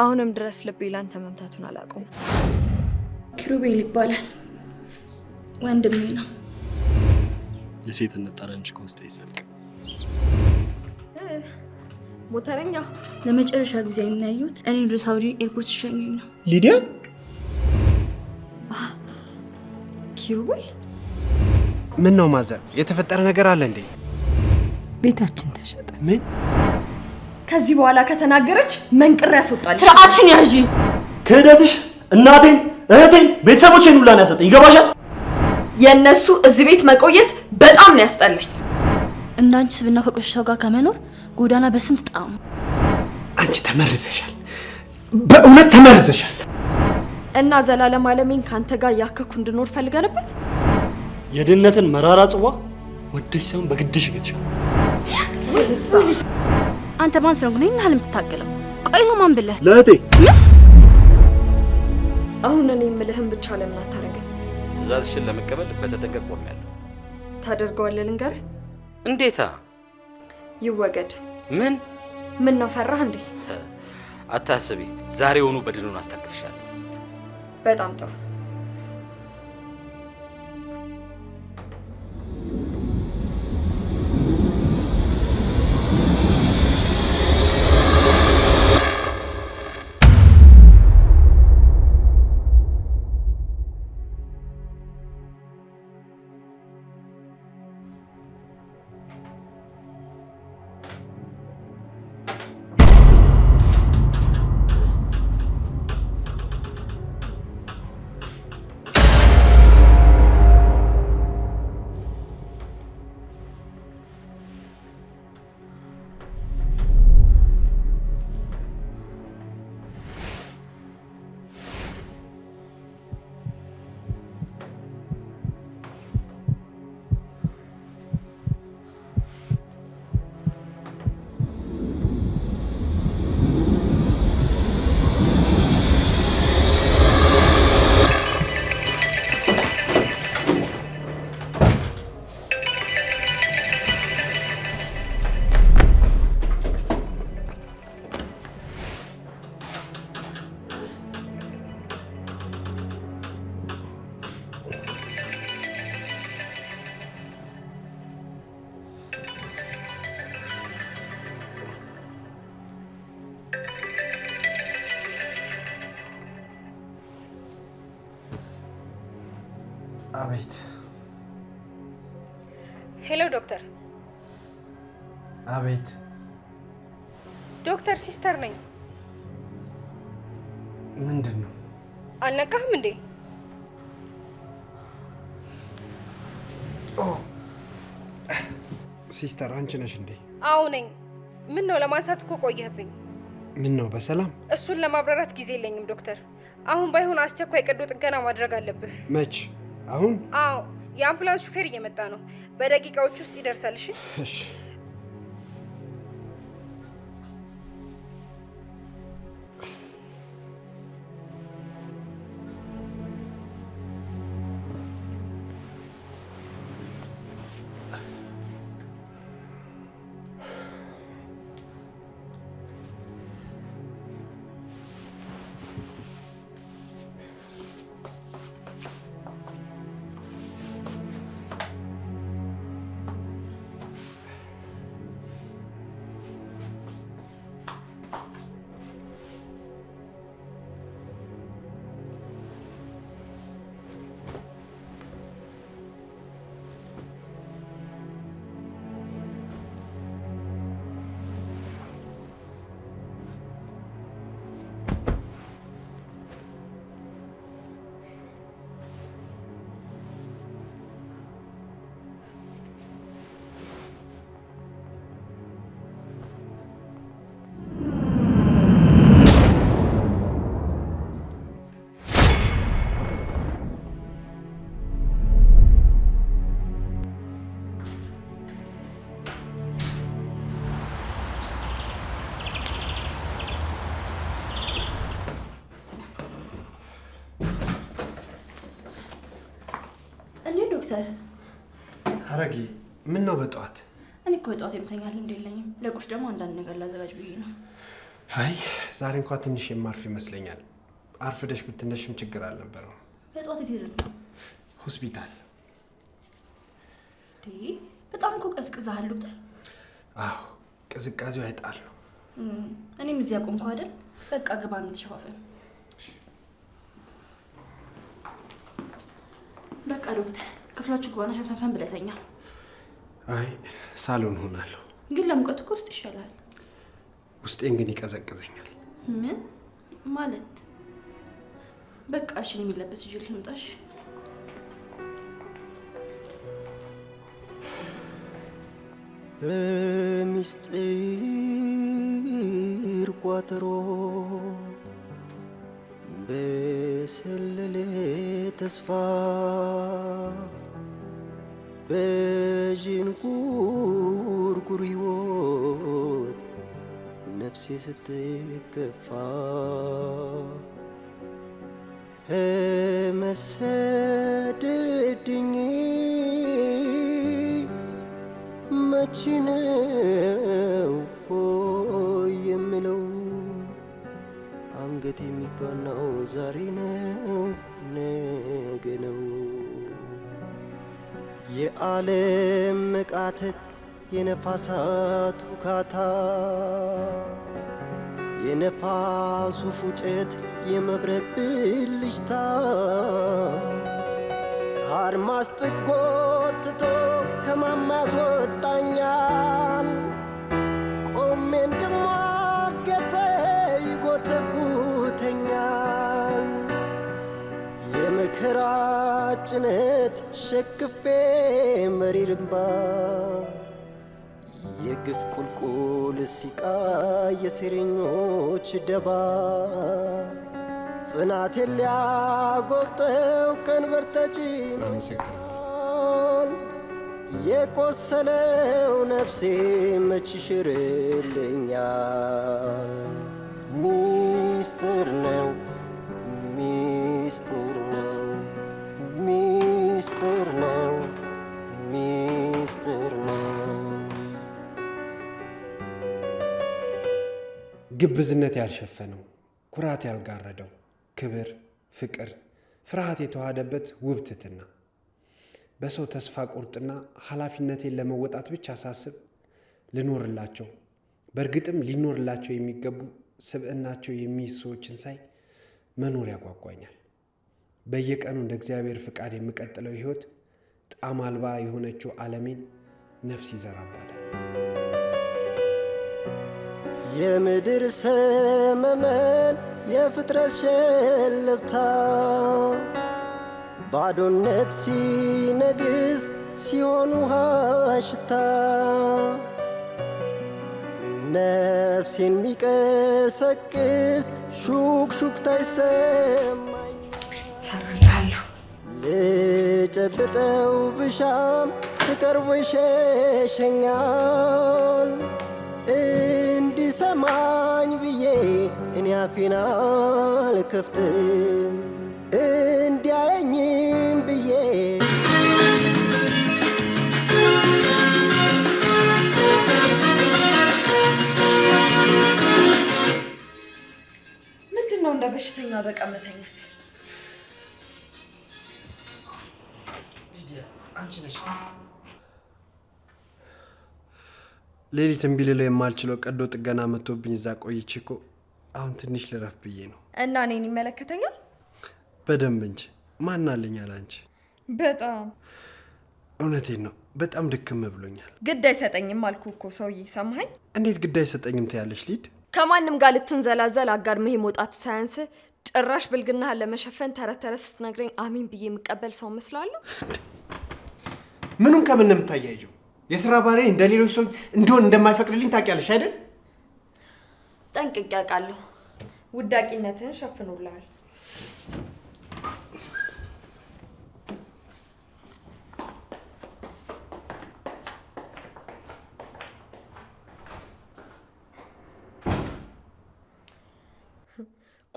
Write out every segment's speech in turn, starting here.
አሁንም ድረስ ልቤ ላንተ መምታቱን አላቁም። ኪሩቤል ይባላል ወንድሜ ነው። የሴትነት እንጂ ከውስጥ ይዘልቅ። ሞተረኛ ለመጨረሻ ጊዜ የምናዩት እኔ ወደ ሳውዲ ኤርፖርት ሲሸኘኝ ነው። ሊዲያ ኪሩቤል፣ ምን ነው ማዘር፣ የተፈጠረ ነገር አለ እንዴ? ቤታችን ተሸጠ። ምን ከዚህ በኋላ ከተናገረች መንቅር ያስወጣል። ስርዓትሽን ያዢ። ክህደትሽ እናቴን፣ እህቴን፣ ቤተሰቦቼን ሁላ ያሰጠኝ። ይገባሻል? የእነሱ እዚህ ቤት መቆየት በጣም ነው ያስጠላኝ። እንዳንቺ ስብና ከቆሸ ጋር ከመኖር ጎዳና በስንት ጣዕሙ። አንቺ ተመርዘሻል፣ በእውነት ተመርዘሻል። እና ዘላለም አለሜን ከአንተ ጋር እያከኩ እንድኖር ፈልገ ነበር። የድህነትን መራራ ጽዋ ወደሽ ሳይሆን በግድሽ ቤትሽ አንተ ማን ስለሆነ ይህን ያህል የምትታገለው? ቆይ ነው ማን ብለህ ለእህቴ አሁን እኔ የምልህም ብቻ ለምን አታደርግም? ትእዛዝሽን ለመቀበል በተጠንቀቅ ቆሜያለሁ። ታደርገዋለህ? ልንገርህ። እንዴታ! ይወገድ። ምን ምን ነው ፈራህ እንዴ? አታስቢ፣ ዛሬውኑ በድኑን አስታቅፍሻለሁ። በጣም ጥሩ አቤት። ሄሎ ዶክተር። አቤት ዶክተር፣ ሲስተር ነኝ። ምንድን ነው አልነቃህም እንዴ? ሲስተር አንቺ ነሽ እንዴ? አዎ ነኝ። ምን ነው ለማንሳት እኮ ቆየህብኝ። ምን ነው በሰላም? እሱን ለማብራራት ጊዜ የለኝም ዶክተር። አሁን ባይሆን አስቸኳይ ቀዶ ጥገና ማድረግ አለብህ። መች አሁን? አዎ፣ የአምቡላንስ ሹፌር እየመጣ ነው። በደቂቃዎች ውስጥ ይደርሳልሽ። እሺ ምን ነው በጠዋት? እኔ እኮ በጠዋት የምተኛት ልምድ የለኝም። ለቁርስ ደግሞ አንዳንድ ነገር ላዘጋጅ ብዬ ነው። አይ ዛሬ እንኳ ትንሽ የማርፍ ይመስለኛል። አርፍደሽ ብትነሽም ችግር አልነበረው። በጠዋት የት ሄደን ነው? ሆስፒታል። በጣም እኮ ቀዝቅዛሃል ዶክተር። አዎ ቅዝቃዜው አይጣል ነው። እኔም እዚህ አቆምኩ አይደል? በቃ ግባ እንተሸፋፈን። በቃ ዶክተር ክፍላችሁ ግባና ሸፋፈን ብለተኛ አይ ሳሎን ሆናለሁ። ግን ለሙቀት እኮ ውስጥ ይሻላል። ውስጤን ግን ይቀዘቅዘኛል። ምን ማለት? በቃ እሽን የሚለበስ ይዤ ልምጣሽ። በሚስጢር ቋጠሮ በሰለሌ ተስፋ በዥንጉርጉር ሕይወት ነፍሴ ስትገፋ ከመሰደድኝ መች ነው ሆይ የምለው አንገት የሚቃናው ዛሬ ነው ነገ ነው። የዓለም መቃተት የነፋሳት ውካታ የነፋሱ ፉጨት የመብረት ብልጭታ ከአድማስ ትጎትቶ ከማማስ ወጣኛል ጭነት ሸክፌ መሪር እምባ የግፍ ቁልቁል ሲቃ የሴረኞች ደባ ጽናቴ ሊያጎብጠው ቀንበር ተጭኗል የቆሰለው ነፍሴ መች ይሽርልኛል ሚስጥር ነው ሚስጥር ሚስጥር ነው ሚስጥር ነው ግብዝነት ያልሸፈነው ኩራት ያልጋረደው ክብር፣ ፍቅር፣ ፍርሃት የተዋሃደበት ውብትትና በሰው ተስፋ ቁርጥና ኃላፊነቴን ለመወጣት ብቻ ሳስብ ልኖርላቸው በእርግጥም ሊኖርላቸው የሚገቡ ስብዕናቸው የሚይዝ ሰዎችን ሳይ መኖር ያጓጓኛል። በየቀኑ እንደ እግዚአብሔር ፍቃድ የምቀጥለው ሕይወት ጣዕም አልባ የሆነችው ዓለሜን ነፍስ ይዘራባታል። የምድር ሰመመን የፍጥረት ሸለብታ ባዶነት ሲነግስ ሲሆን ውሃ ሽታ ነፍሴን የሚቀሰቅስ ሹክሹክታ ይሰማል። ሰርቻለሁ። ልጨብጠው ብሻም ስቀርቦ ይሸሸኛል። እንዲሰማኝ ብዬ እኔ አፌን አልከፍትም እንዲያየኝም ብዬ ምንድን ነው እንደ በሽተኛ በቀን መተኛት አንቺ ነሽ። ሌሊት እምቢ የማልችለው ቀዶ ጥገና መጥቶብኝ እዛ ቆይቼ እኮ አሁን ትንሽ ልረፍ ብዬ ነው። እና እኔን ይመለከተኛል? በደንብ እንጂ ማን አለኛል። አንቺ በጣም እውነቴን ነው። በጣም ድክም ብሎኛል። ግድ አይሰጠኝም አልኩ እኮ ሰውዬ፣ ሰማኸኝ? እንዴት ግድ አይሰጠኝም ትያለሽ ሊድ? ከማንም ጋር ልትንዘላዘል አጋድመህ መውጣት ሳያንስ ጭራሽ ብልግናህን ለመሸፈን ተረት ተረት ስትነግረኝ አሜን ብዬ የምቀበል ሰው እመስላለሁ? ምኑን ከምን ነው የስራ ባሪያ እንደ ሌሎች ሰዎች እንዲሆን እንደማይፈቅድልኝ ታውቂያለሽ አይደል? ጠንቅቄ አውቃለሁ። ውዳቂነትን ሸፍኖልሃል።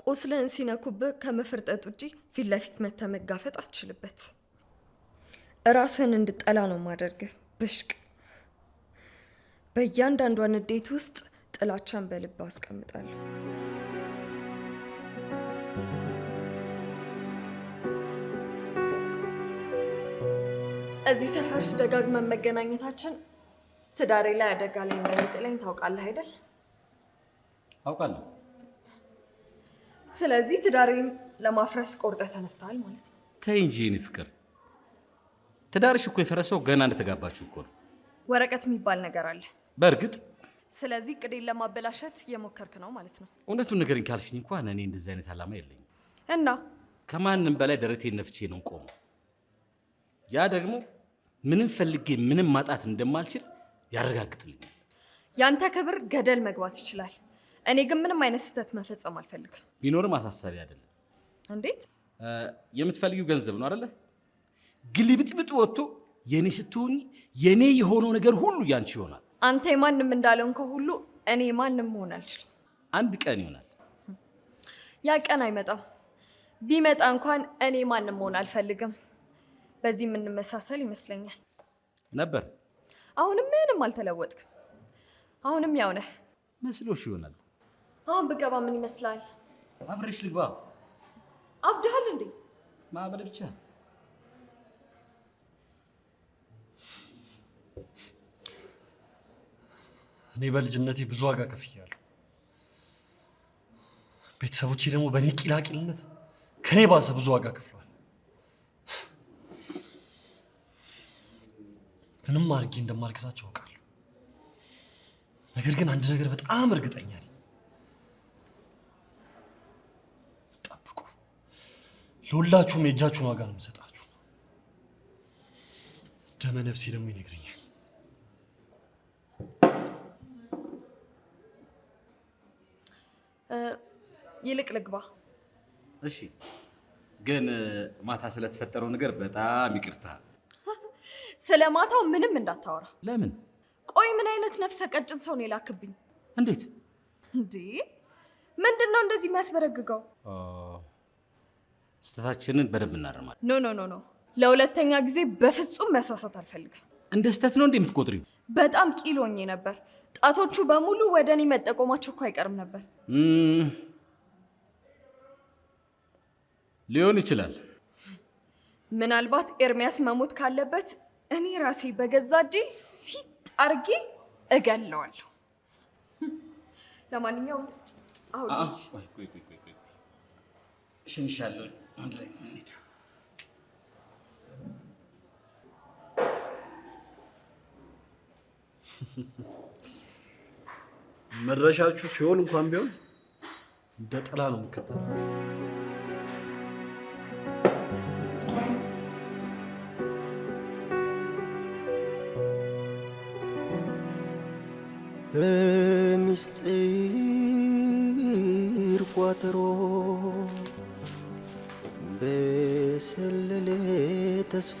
ቁስልን ሲነኩብህ ከመፍርጠጥ ውጪ ፊት ለፊት መተህ መጋፈጥ አትችልበት። ራስህን እንድጠላ ነው ማደርግህ። ብሽቅ በእያንዳንዷ ንዴት ውስጥ ጥላቻን በልብ አስቀምጣለሁ። እዚህ ሰፈር ደጋግመን መገናኘታችን ትዳሬ ላይ አደጋ ላይ እንደሚጥለኝ ታውቃለህ አይደል? አውቃለሁ። ስለዚህ ትዳሬን ለማፍረስ ቆርጠህ ተነስተሃል ማለት ነው። ተይ እንጂ የእኔ ፍቅር ትዳርሽ እኮ የፈረሰው ገና እንደተጋባችሁ እኮ ነው። ወረቀት የሚባል ነገር አለ በእርግጥ። ስለዚህ ቅዴን ለማበላሸት የሞከርክ ነው ማለት ነው። እውነቱን ንገረኝ ካልሽኝ እንኳን እኔ እንደዚህ አይነት ዓላማ የለኝም እና ከማንም በላይ ደረቴን ነፍቼ ነው ቆሙ። ያ ደግሞ ምንም ፈልጌ ምንም ማጣት እንደማልችል ያረጋግጥልኛል። ያንተ ክብር ገደል መግባት ይችላል። እኔ ግን ምንም አይነት ስህተት መፈጸም አልፈልግም። ቢኖርም አሳሳቢ አይደለም። እንዴት? የምትፈልጊው ገንዘብ ነው አይደለ? ግልብጥብጥ ወጥቶ የኔ ስትሆኝ የኔ የሆነው ነገር ሁሉ ያንቺ ይሆናል። አንተ ማንም እንዳለውን ከሁሉ እኔ ማንም መሆን አልችልም። አንድ ቀን ይሆናል። ያ ቀን አይመጣም። ቢመጣ እንኳን እኔ ማንም መሆን አልፈልግም። በዚህ የምንመሳሰል ይመስለኛል ነበር። አሁንም ምንም አልተለወጥክም። አሁንም ያው ነህ መስሎሽ ይሆናል። አሁን ብገባ ምን ይመስላል? አብሬሽ ልግባ። አብድሃል እንዴ? ማዕበል ብቻ እኔ በልጅነቴ ብዙ ዋጋ ከፍያለሁ። ቤተሰቦቼ ደግሞ በእኔ ቂላቂልነት ከኔ ባሰ ብዙ ዋጋ ከፍለዋል። ምንም አድርጌ እንደማልገዛቸው አውቃለሁ። ነገር ግን አንድ ነገር በጣም እርግጠኛ ነኝ። ጠብቁ፣ ለሁላችሁም የእጃችሁን ዋጋ ነው የምሰጣችሁ። ደመነፍሴ ደግሞ ይነግረኛል። ይልቅ ልግባ። እሺ። ግን ማታ ስለተፈጠረው ነገር በጣም ይቅርታ። ስለ ማታው ምንም እንዳታወራ። ለምን? ቆይ ምን አይነት ነፍሰ ቀጭን ሰው ነው የላክብኝ? እንዴት? እንዴ ምንድን ነው እንደዚህ የሚያስበረግገው? ስህተታችንን በደንብ እናርማለን። ኖ ኖ ኖ ኖ፣ ለሁለተኛ ጊዜ በፍጹም መሳሳት አልፈልግም። እንደ ስህተት ነው እንዴ የምትቆጥሪው? በጣም ቂሎኝ ነበር። ጣቶቹ በሙሉ ወደ እኔ መጠቆማቸው እኮ አይቀርም ነበር። ሊሆን ይችላል። ምናልባት ኤርሚያስ መሞት ካለበት እኔ ራሴ በገዛ እጄ ሲጥ አርጌ እገለዋለሁ። ለማንኛውም አሁን ሽንሻለሁ አንድ ላይ መድረሻችሁ ሲሆን እንኳን ቢሆን እንደ ጥላ ነው የምከተላችሁ። በሚስጢር ቋጠሮ በሰለሌ ተስፋ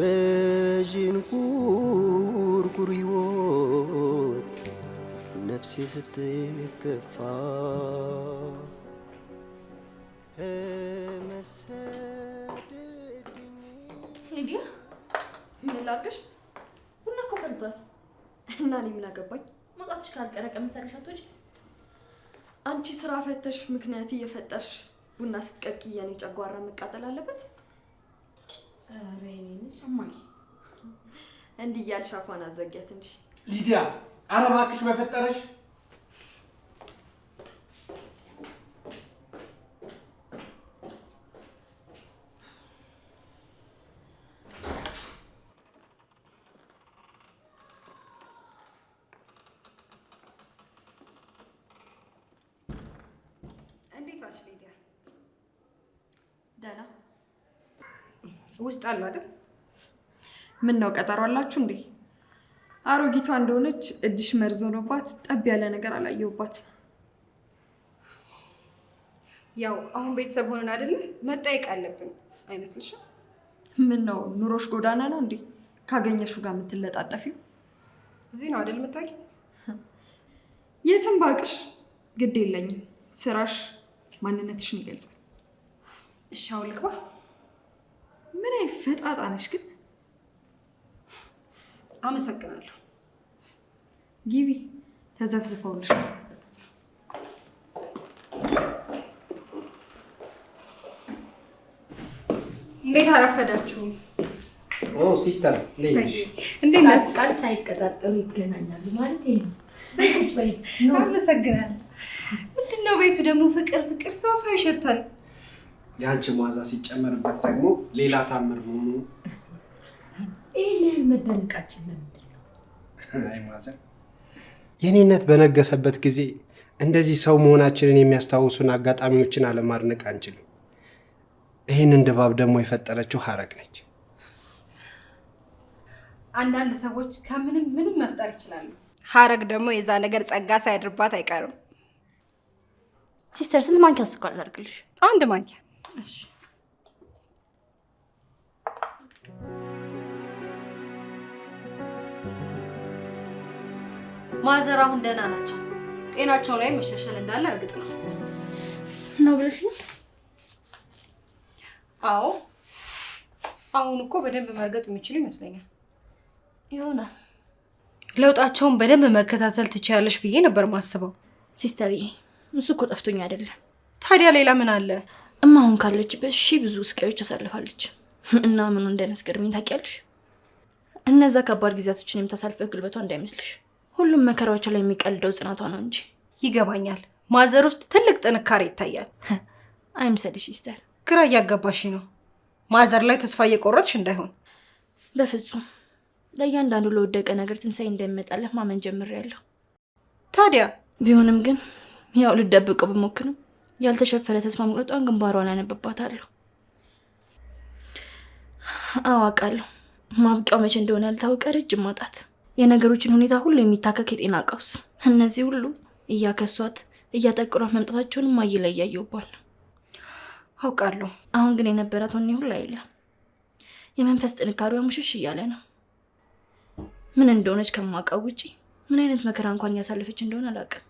በዥንጉርጉር ሕይወት ነፍሴ ስትከፋ መሰደድኝ ሊዲያ ምን ላድርግሽ? ቡና እኮ ፈልቷል እና እኔ ምን አገባኝ? መውጣትሽ ካልቀረ ቀምሰሽ አትወጪ። አንቺ ስራ ፈተሽ ምክንያት እየፈጠርሽ ቡና ስትቀቅዬ እኔ ጨጓራ መቃጠል አለበት? እንዲህ እያልሽ አፏን አዘጊያት እንጂ ሊዲያ፣ ኧረ እባክሽ በፈጠረሽ። እንዴት ዋልሽ ሊዲያ? ውስጥ አለ አይደል? ምን ነው ቀጠሮ አላችሁ እንዴ? አሮጊቷ እንደሆነች እድሽ መርዝ ሆኖባት ጠብ ያለ ነገር አላየሁባት። ያው አሁን ቤተሰብ ሆነን አይደለ መጠየቅ አለብን አይመስልሽም? ምን ነው ኑሮሽ ጎዳና ነው እንዴ? ካገኘሽው ጋር የምትለጣጠፊው እዚህ ነው አይደል? የምታውቂ የትም ባቅሽ ግድ የለኝም። ስራሽ ማንነትሽን ይገልጻል። እሺ አሁን ልግባ። ምን አይነት ፈጣጣ ነሽ ግን! አመሰግናለሁ። ጊቢ ተዘፍዝፈውልሽ ነው። እንዴት አረፈዳችሁ? ኦ ሲስተር እንዴት ነሽ? ቃል ሳይቀጣጠሉ ይገናኛሉ ማለት ይሄ ነው። አመሰግናለሁ። ምንድን ነው ቤቱ ደግሞ ፍቅር ፍቅር፣ ሰው ሰው ይሸታል። የአንቺ መዓዛ ሲጨመርበት ደግሞ ሌላ ታምር መሆኑ ይህ መደነቃችን ለምንድን ነው? አይ የኔነት በነገሰበት ጊዜ እንደዚህ ሰው መሆናችንን የሚያስታውሱን አጋጣሚዎችን አለማድነቅ አንችልም። ይህንን ድባብ ደግሞ የፈጠረችው ሀረግ ነች። አንዳንድ ሰዎች ከምንም ምንም መፍጠር ይችላሉ። ሀረግ ደግሞ የዛ ነገር ጸጋ ሳያድርባት አይቀርም። ሲስተር፣ ስንት ማንኪያ ስኳር ላድርግልሽ? አንድ ማንኪያ ማዘር አሁን ደህና ናቸው። ጤናቸው ላይ መሻሻል እንዳለ እርግጥ ነው ነው ብለሽ ነው? አዎ አሁን እኮ በደንብ መርገጥ የሚችሉ ይመስለኛል። ይሆናል ለውጣቸውን በደንብ መከታተል ትችያለሽ ብዬ ነበር ማስበው። ሲስተርዬ፣ እሱ እኮ ጠፍቶኝ አይደለም። ታዲያ ሌላ ምን አለ? እማ አሁን ካለችበት ሺ ብዙ ስቃዮች ታሳልፋለች እና ምኑ እንዳይመስገርምኝ ታውቂያለሽ። እነዛ ከባድ ጊዜያቶችን የምታሳልፈው ግልበቷ እንዳይመስልሽ። ሁሉም መከራዎቿ ላይ የሚቀልደው ጽናቷ ነው እንጂ። ይገባኛል። ማዘር ውስጥ ትልቅ ጥንካሬ ይታያል። አይምሰልሽ ይስተር። ግራ እያገባሽ ነው። ማዘር ላይ ተስፋ እየቆረጥሽ እንዳይሆን። በፍጹም ለእያንዳንዱ ለወደቀ ነገር ትንሳኤ እንደሚመጣለህ ማመን ጀምሬያለሁ። ታዲያ ቢሆንም ግን ያው ልደብቀው ብሞክርም ያልተሸፈረ ተስፋ መቁረጧን ግንባሯን አነብባታለሁ። አዋቃለሁ። ማብቂያው መቼ እንደሆነ ያልታወቀ ረጅም ማጣት፣ የነገሮችን ሁኔታ ሁሉ የሚታከክ የጤና ቀውስ፣ እነዚህ ሁሉ እያከሷት እያጠቅሯት መምጣታቸውን ማይ ላይ እያየውባል አውቃለሁ። አሁን ግን የነበራት ወኔ ሁሉ አይለም። የመንፈስ ጥንካሬዋ ሙሽሽ እያለ ነው። ምን እንደሆነች ከማውቀው ውጪ ምን አይነት መከራ እንኳን እያሳለፈች እንደሆነ አላውቅም።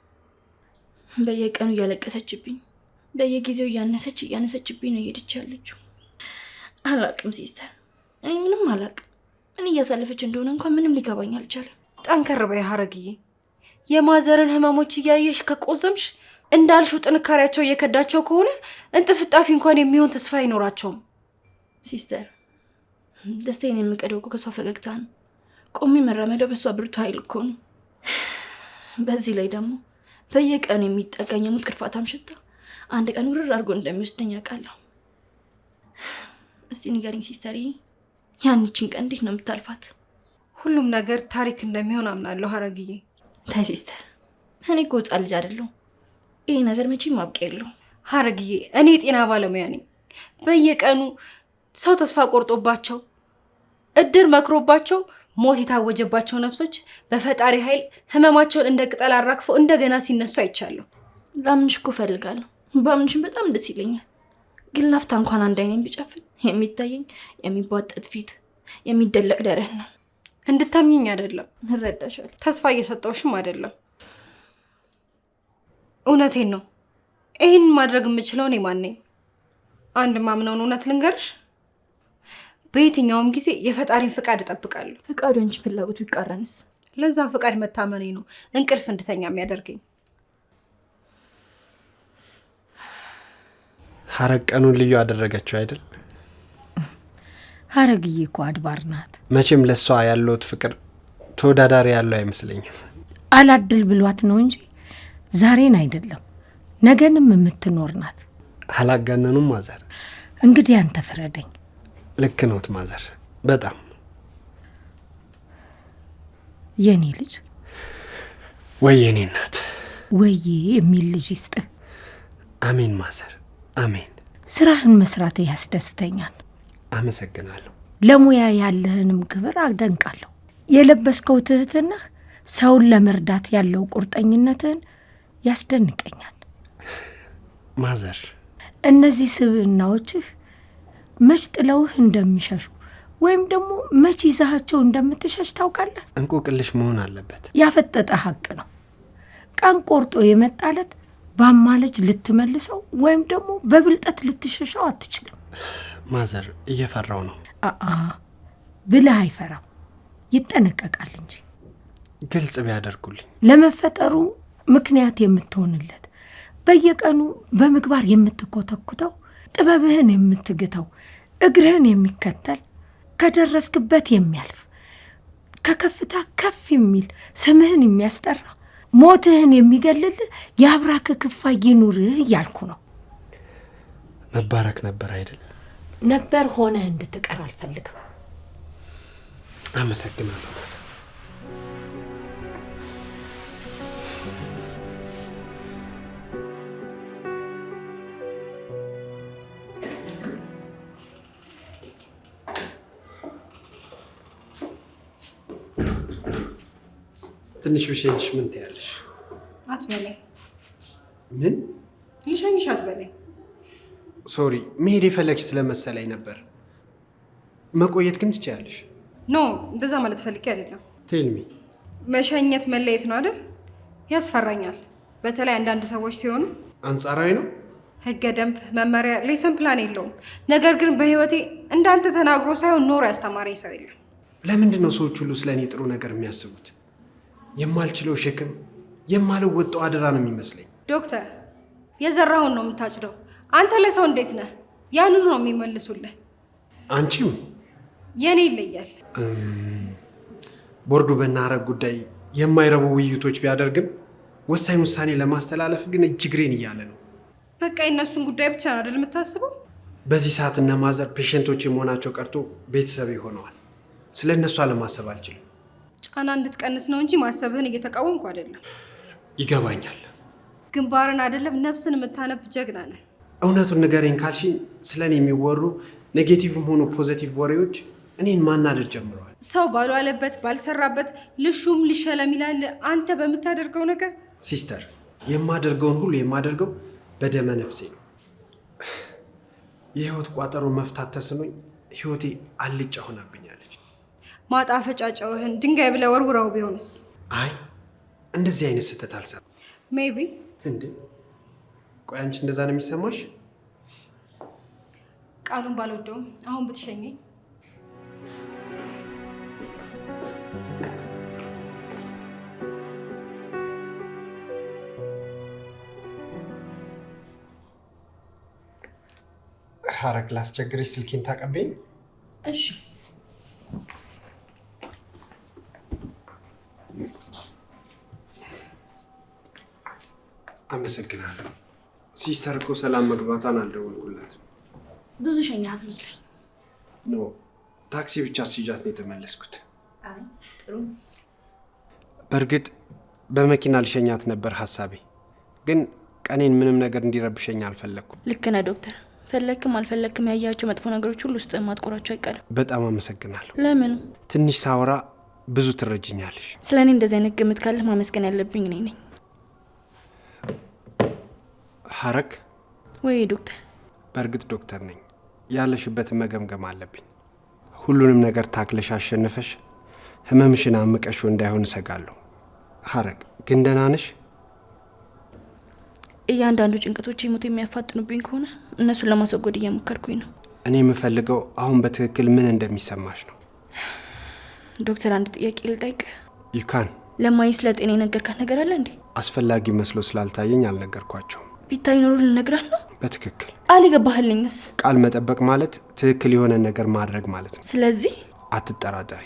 በየቀኑ እያለቀሰችብኝ በየጊዜው እያነሰች እያነሰችብኝ ነው እየሄደች ያለችው። አላቅም ሲስተር፣ እኔ ምንም አላቅም። ምን እያሳለፈች እንደሆነ እንኳን ምንም ሊገባኝ አልቻለም። ጠንከር በይ ሀረግዬ። የማዘርን ህመሞች እያየሽ ከቆዘምሽ እንዳልሹ ጥንካሬያቸው እየከዳቸው ከሆነ እንጥፍጣፊ እንኳን የሚሆን ተስፋ አይኖራቸውም። ሲስተር፣ ደስታዬን የሚቀደው እኮ ከሷ ፈገግታ ነው። ቆሜ መራመደው በእሷ ብርቱ ኃይል እኮ ነው። በዚህ ላይ ደግሞ በየቀኑ የሚጠጋኝ የሙት ቅርፋታም ሽታ አንድ ቀን ውርር አድርጎ እንደሚወስደኝ አውቃለሁ። እስቲ ንገሪኝ ሲስተሪ፣ ያንቺን ቀን እንዴት ነው የምታልፋት? ሁሉም ነገር ታሪክ እንደሚሆን አምናለሁ ሐረግዬ። ታይ ሲስተር፣ እኔ እኮ ህፃን ልጅ አይደለሁ። ይህ ነገር መቼም ማብቂያ የለው። ሐረግዬ፣ እኔ የጤና ባለሙያ ነኝ። በየቀኑ ሰው ተስፋ ቆርጦባቸው እድር መክሮባቸው ሞት የታወጀባቸው ነፍሶች በፈጣሪ ኃይል ህመማቸውን እንደ ቅጠል አራግፈው እንደገና ሲነሱ አይቻለሁ። ላምንሽ እኮ እፈልጋለሁ ባምንሽን በጣም ደስ ይለኛል፣ ግን ላፍታ እንኳን አንድ አይኔን ቢጨፍን የሚታየኝ የሚቧጠጥ ፊት፣ የሚደለቅ ደረት ነው። እንድታምኝኝ አይደለም። እረዳሻለሁ። ተስፋ እየሰጠውሽም አይደለም። እውነቴን ነው። ይህን ማድረግ የምችለው እኔ ማን ነኝ? አንድ ማምነውን እውነት ልንገርሽ፣ በየትኛውም ጊዜ የፈጣሪን ፍቃድ እጠብቃለሁ። ፍቃዱ አንቺን ፍላጎቱ ይቃረንስ? ለዛ ፍቃድ መታመኔ ነው እንቅልፍ እንድተኛ የሚያደርገኝ። ሀረግ ቀኑን ልዩ አደረገችው አይደል? ሀረግዬ እኮ አድባር ናት። መቼም ለሷ ያለውት ፍቅር ተወዳዳሪ ያለው አይመስለኝም። አላድል ብሏት ነው እንጂ ዛሬን አይደለም ነገንም የምትኖር ናት። አላጋነኑም ማዘር። እንግዲህ አንተ ፍረደኝ። ልክ ነዎት ማዘር፣ በጣም የኔ ልጅ ወይ የኔ እናት ወይ የሚል ልጅ ይስጥ። አሜን ማዘር። አሜን። ስራህን መስራት ያስደስተኛል። አመሰግናለሁ። ለሙያ ያለህንም ግብር አደንቃለሁ። የለበስከው ትህትናህ፣ ሰውን ለመርዳት ያለው ቁርጠኝነትህን ያስደንቀኛል። ማዘር፣ እነዚህ ስብዕናዎችህ መች ጥለውህ እንደሚሸሹ ወይም ደግሞ መች ይዛሃቸው እንደምትሸሽ ታውቃለህ። እንቆቅልሽ መሆን አለበት። ያፈጠጠ ሀቅ ነው። ቀን ቆርጦ የመጣለት ባማለጅ ልትመልሰው ወይም ደግሞ በብልጠት ልትሸሸው አትችልም። ማዘር እየፈራው ነው። አአ ብልህ አይፈራም፣ ይጠነቀቃል እንጂ። ግልጽ ቢያደርጉልኝ ለመፈጠሩ ምክንያት የምትሆንለት በየቀኑ በምግባር የምትኮተኩተው ጥበብህን የምትግተው እግርህን የሚከተል ከደረስክበት የሚያልፍ ከከፍታ ከፍ የሚል ስምህን የሚያስጠራ ሞትህን የሚገልልህ የአብራክ ክፋይ ይኑርህ እያልኩ ነው። መባረክ ነበር አይደል? ነበር ሆነህ እንድትቀር አልፈልግም። አመሰግናለሁ። ትንሽ ብሸኝሽ ምን ትያለሽ? አትበለኝ። ምን ልሸኝሽ? አትበለኝ። ሶሪ፣ መሄድ የፈለግሽ ስለመሰለኝ ነበር። መቆየት ግን ትችያለሽ። ኖ፣ እንደዛ ማለት ፈልጌ አይደለም። ቴልሚ መሸኘት መለየት ነው አይደል? ያስፈራኛል። በተለይ አንዳንድ ሰዎች ሲሆኑ አንጻራዊ ነው። ህገ ደንብ፣ መመሪያ፣ ሌሰን ፕላን የለውም። ነገር ግን በህይወቴ እንዳንተ ተናግሮ ሳይሆን ኖሮ ያስተማረኝ ሰው የለም። ለምንድን ነው ሰዎች ሁሉ ስለ እኔ ጥሩ ነገር የሚያስቡት? የማልችለው ሸክም የማልወጣው አደራ ነው የሚመስለኝ። ዶክተር የዘራሁን ነው የምታጭደው። አንተ ለሰው እንዴት ነህ? ያንኑ ነው የሚመልሱልህ። አንቺም የኔ ይለያል። ቦርዱ በናረግ ጉዳይ የማይረቡ ውይይቶች ቢያደርግም ወሳኝ ውሳኔ ለማስተላለፍ ግን እጅግሬን እያለ ነው። በቃ የእነሱን ጉዳይ ብቻ ነው አይደል የምታስበው? በዚህ ሰዓት እነማዘር ፔሽንቶች ፔሸንቶች መሆናቸው ቀርቶ ቤተሰብ ሆነዋል። ስለ እነሱ አለማሰብ አልችልም። ጫና እንድትቀንስ ነው እንጂ ማሰብህን እየተቃወምኩ አይደለም። ይገባኛል። ግንባርን አይደለም ነፍስን የምታነብ ጀግና ነህ። እውነቱን ንገረኝ ካልሽኝ ስለ እኔ የሚወሩ ኔጌቲቭም ሆኑ ፖዘቲቭ ወሬዎች እኔን ማናደድ ጀምረዋል። ሰው ባልዋለበት ባልሰራበት ልሹም ልሸለም ይላል። አንተ በምታደርገው ነገር ሲስተር፣ የማደርገውን ሁሉ የማደርገው በደመ ነፍሴ ነው። የህይወት ቋጠሮ መፍታት ተስኖኝ ህይወቴ አልጫ ሆናብኝ። ማጣፈጫ ጨውህን ድንጋይ ብለህ ወርውራው ቢሆንስ? አይ እንደዚህ አይነት ስህተት አልሰራም። ሜይ ቢ እንዴ። ቆይ አንቺ እንደዛ ነው የሚሰማሽ? ቃሉን ባልወደውም አሁን ብትሸኘኝ ሐረግ ላስቸግርሽ፣ ስልኬን ታቀበኝ። እሺ አመሰግናለሁ። ሲስተር እኮ ሰላም መግባቷን አልደወልኩላትም። ብዙ ሸኛት መስሎኝ ኖ ታክሲ ብቻ ሲጃት ነው የተመለስኩት። ጥሩ። በእርግጥ በመኪና ልሸኛት ነበር ሀሳቤ፣ ግን ቀኔን ምንም ነገር እንዲረብሸኝ አልፈለግኩም። ልክ ነህ ዶክተር። ፈለክም አልፈለክም ያያቸው መጥፎ ነገሮች ሁሉ ውስጥ ማጥቆራቸው አይቀርም። በጣም አመሰግናለሁ። ለምን ትንሽ ሳውራ ብዙ ትረጅኛለሽ። ስለ እኔ እንደዚህ አይነት ግምት ካለህ ማመስገን ያለብኝ እኔ ነኝ። ሀረክ ወይ ዶክተር? በእርግጥ ዶክተር ነኝ። ያለሽበትን መገምገም አለብኝ። ሁሉንም ነገር ታክለሽ አሸንፈሽ ህመምሽን አምቀሽ እንዳይሆን እሰጋለሁ። ሐረግ ግን ደህና ነሽ? እያንዳንዱ ጭንቀቶች ሞት የሚያፋጥኑብኝ ከሆነ እነሱን ለማስወገድ እየሞከርኩኝ ነው። እኔ የምፈልገው አሁን በትክክል ምን እንደሚሰማሽ ነው። ዶክተር አንድ ጥያቄ ልጠይቅ? ይካን ለማይ ስለ ጤና የነገርካት ነገር አለ እንዴ? አስፈላጊ መስሎ ስላልታየኝ አልነገርኳቸውም። ቢታ ኖሮ ልነግራት ነው። በትክክል ቃል ይገባህልኝስ? ቃል መጠበቅ ማለት ትክክል የሆነ ነገር ማድረግ ማለት ነው። ስለዚህ አትጠራጠሪ።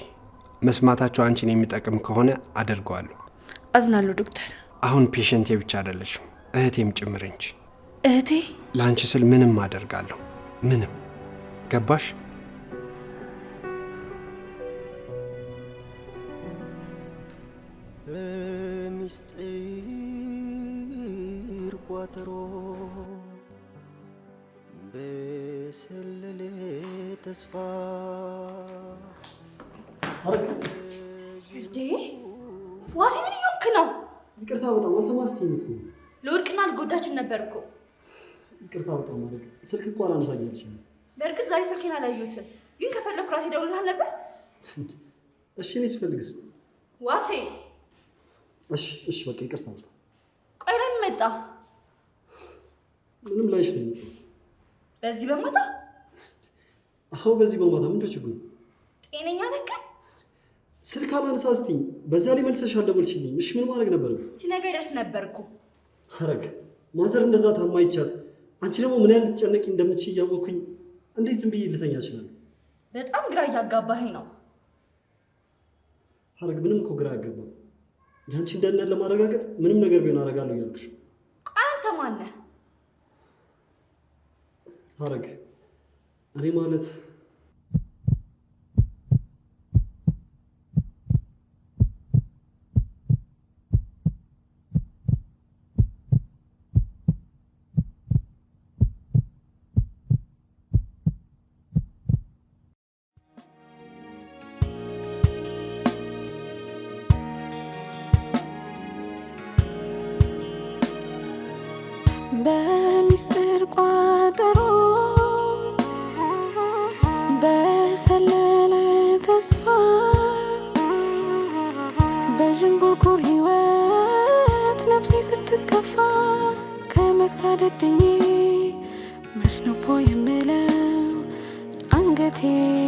መስማታቸው አንቺን የሚጠቅም ከሆነ አደርገዋለሁ። አዝናለሁ ዶክተር። አሁን ፔሸንቴ ብቻ አይደለችም እህቴም ጭምር እንጂ። እህቴ? ለአንቺ ስል ምንም አደርጋለሁ። ምንም ገባሽ? ቋጥሮ በስልል ተስፋ ዋሲ ምን እየሆንክ ነው? ይቅርታ በጣም አልሰማስትም ነው። ለወርቅና ልጎዳችን ነበር እኮ ይቅርታ በጣም ማለት ስልክ እኮ አላነሳኛልሽም። በእርግጥ ዛሬ ስልኬን አላየሁትም፣ ግን ከፈለኩ ራሴ ደውልልሃል ነበር። እሺ እኔ ስፈልግስ ዋሴ እሺ እሺ በቃ ይቅርታ በጣም ቆይ ላይ መጣ ምንም ላይሽ ነው የመጣሁት። በዚህ በማታ አዎ፣ በዚህ በማታ ምንድን ነው ችግሩ? ጤነኛ ነህ? ስልክ አላነሳ በዛ ላይ መልሰሽ አልደወልሽልኝም። እሺ ምን ማድረግ ነበር? ሲነጋ ይደርስ ነበር እኮ ማዘር እንደዛ ታማ ይቻት፣ አንቺ ደግሞ ምን ያህል ልትጨነቂ እንደምች እያወቅኩኝ እንዴት ዝም ብዬ ልተኛ ይችላል? በጣም ግራ እያጋባኸኝ ነው አረግ ምንም እኮ ግራ ያጋባ። የአንቺን እንደነ ለማረጋገጥ ምንም ነገር ቢሆን አረጋለሁ እያልኩሽ። ቆይ አንተ هارك اني مالت Bye, ሰደደኝ መች ነው የምለው አንገቴ